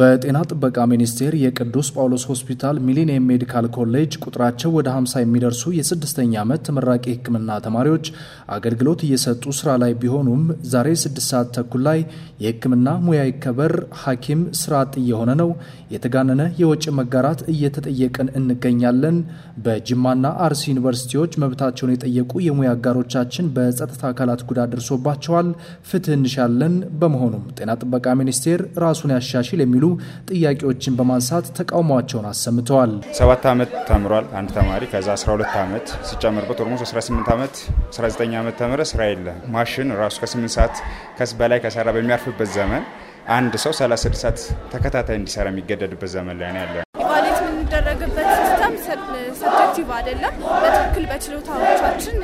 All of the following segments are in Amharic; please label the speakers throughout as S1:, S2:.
S1: በጤና ጥበቃ ሚኒስቴር የቅዱስ ጳውሎስ ሆስፒታል ሚሊኒየም ሜዲካል ኮሌጅ ቁጥራቸው ወደ 50 የሚደርሱ የስድስተኛ ዓመት ተመራቂ ሕክምና ተማሪዎች አገልግሎት እየሰጡ ስራ ላይ ቢሆኑም ዛሬ 6 ሰዓት ተኩል ላይ የሕክምና ሙያ ይከበር፣ ሐኪም ስራ አጥ እየሆነ ነው፣ የተጋነነ የወጪ መጋራት እየተጠየቀን እንገኛለን፣ በጅማና አርሲ ዩኒቨርሲቲዎች መብታቸውን የጠየቁ የሙያ አጋሮቻችን በጸጥታ አካላት ጉዳት ደርሶባቸዋል፣ ፍትህ እንሻለን፣ በመሆኑም ጤና ጥበቃ ሚኒስቴር ራሱን ያሻሽል የሚሉ የሚሉ ጥያቄዎችን በማንሳት ተቃውሟቸውን አሰምተዋል።
S2: ሰባት ዓመት ተምሯል አንድ ተማሪ ከዛ 12 ዓመት ሲጨምርበት ኦልሞስት 18 ዓመት 19 ዓመት ተምረ ስራ የለ ማሽን ራሱ ከ8 ሰዓት ከስ በላይ ከሰራ በሚያርፍበት ዘመን አንድ ሰው 36 ሰዓት ተከታታይ እንዲሰራ የሚገደድበት ዘመን ላይ ነው ያለ ኢቫሌት የምንደረግበት ሲስተም
S1: ኔጌቲቭ አይደለም። በትክክል በችሎታዎቻችን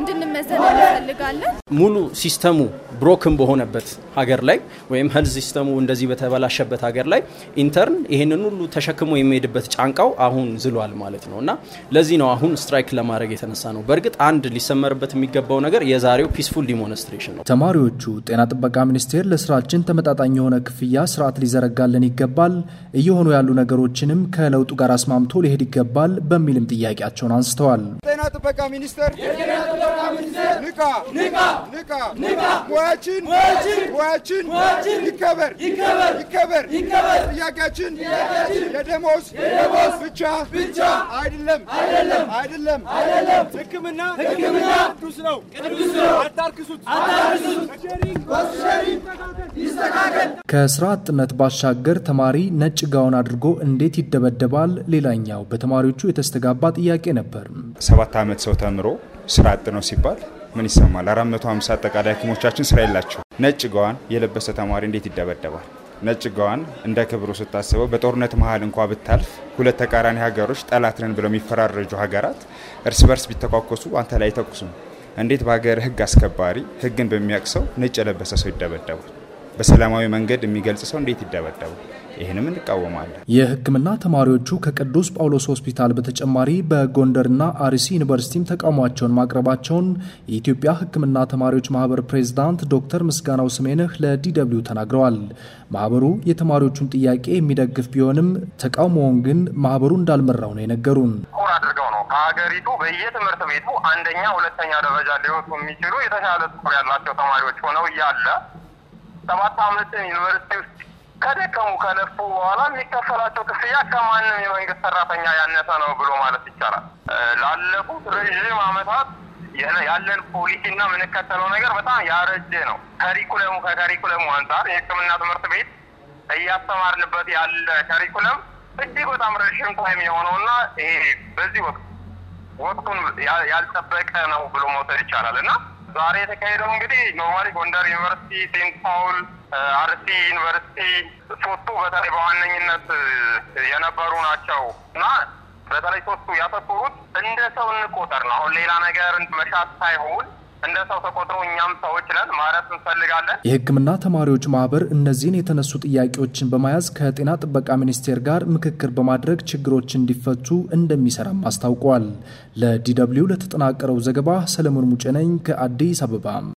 S1: እንድንመዘን እንፈልጋለን። ሙሉ ሲስተሙ ብሮክን በሆነበት ሀገር ላይ ወይም ሄልዝ ሲስተሙ እንደዚህ በተበላሸበት ሀገር ላይ ኢንተርን ይህንን ሁሉ ተሸክሞ የሚሄድበት ጫንቃው አሁን ዝሏል ማለት ነው እና ለዚህ ነው አሁን ስትራይክ ለማድረግ የተነሳ ነው። በእርግጥ አንድ ሊሰመርበት የሚገባው ነገር የዛሬው ፒስፉል ዲሞንስትሬሽን ነው። ተማሪዎቹ ጤና ጥበቃ ሚኒስቴር ለስራችን ተመጣጣኝ የሆነ ክፍያ ስርዓት ሊዘረጋለን ይገባል፣ እየሆኑ ያሉ ነገሮችንም ከለውጡ ጋር አስማምቶ ሊሄድ ይገባል በሚል የሚልም ጥያቄያቸውን አንስተዋል።
S2: ጤና ጥበቃ ሚኒስቴር ንቃ ንቃ
S3: ንቃ ንቃ ሙያችን ሙያችን ይከበር ይከበር ይከበር ጥያቄያችን የደሞዝ ብቻ ብቻ አይደለም አይደለም አይደለም አይደለም ሕክምና ሕክምና ቅዱስ ነው ቅዱስ ነው። አታርክሱት አታርክሱት ይስተካከል ከስራ አጥነት
S1: ባሻገር ተማሪ ነጭ ጋውን አድርጎ እንዴት ይደበደባል? ሌላኛው በተማሪዎቹ የተስተጋባ ጥያቄ ነበር።
S2: ሰባት ዓመት ሰው ተምሮ ስራ አጥ ነው ሲባል ምን ይሰማል? 450 አጠቃላይ ሐኪሞቻችን ስራ የላቸው። ነጭ ጋዋን የለበሰ ተማሪ እንዴት ይደበደባል? ነጭ ጋዋን እንደ ክብሩ ስታስበው በጦርነት መሀል እንኳ ብታልፍ ሁለት ተቃራኒ ሀገሮች ጠላት ነን ብለው የሚፈራረጁ ሀገራት እርስ በርስ ቢተኳኮሱ አንተ ላይ አይተኩሱም። እንዴት በሀገር ህግ አስከባሪ ህግን በሚያቅሰው ነጭ የለበሰ ሰው ይደበደባል? በሰላማዊ መንገድ የሚገልጽ ሰው እንዴት ይደበደቡ? ይህንም እንቃወማለን።
S1: የሕክምና ተማሪዎቹ ከቅዱስ ጳውሎስ ሆስፒታል በተጨማሪ በጎንደርና አርሲ ዩኒቨርሲቲም ተቃውሟቸውን ማቅረባቸውን የኢትዮጵያ ሕክምና ተማሪዎች ማህበር ፕሬዝዳንት ዶክተር ምስጋናው ስሜንህ ለዲደብሊው ተናግረዋል። ማህበሩ የተማሪዎቹን ጥያቄ የሚደግፍ ቢሆንም ተቃውሞውን ግን ማህበሩ እንዳልመራው ነው የነገሩን።
S3: አድርገው ነው ከሀገሪቱ በየትምህርት ቤቱ አንደኛ፣ ሁለተኛ ደረጃ ሊወጡ የሚችሉ የተሻለ ስኮር ያላቸው ተማሪዎች ሆነው እያለ ሰባት አመትን ዩኒቨርሲቲ ውስጥ ከደከሙ ከለፉ በኋላ የሚከፈላቸው ክፍያ ከማንም የመንግስት ሰራተኛ ያነሰ ነው ብሎ ማለት ይቻላል። ላለፉት ረዥም አመታት ያለን ፖሊሲና የምንከተለው ነገር በጣም ያረጀ ነው። ከሪኩለሙ ከከሪኩለሙ አንጻር የሕክምና ትምህርት ቤት እያስተማርንበት ያለ ከሪኩለም እጅግ በጣም ረዥም ታይም የሆነውና ይሄ በዚህ ወቅት ወቅቱን ያልጠበቀ ነው ብሎ መውሰድ ይቻላል እና ዛሬ የተካሄደው እንግዲህ ኖርማሊ ጎንደር ዩኒቨርሲቲ፣ ሴንት ፓውል፣ አርሲ ዩኒቨርሲቲ፣ ሶስቱ በተለይ በዋነኝነት የነበሩ ናቸው እና በተለይ ሶስቱ ያተኮሩት እንደ ሰው እንቆጠር ነው። አሁን ሌላ ነገር መሻት ሳይሆን እንደ ሰው ተቆጥሮ እኛም ሰዎች ነን ማለት
S1: እንፈልጋለን። የህክምና ተማሪዎች ማህበር እነዚህን የተነሱ ጥያቄዎችን በመያዝ ከጤና ጥበቃ ሚኒስቴር ጋር ምክክር በማድረግ ችግሮች እንዲፈቱ እንደሚሰራም አስታውቋል። ለዲ ለተጠናቀረው ዘገባ ሰለሞን ሙጨነኝ ከአዲስ አበባ።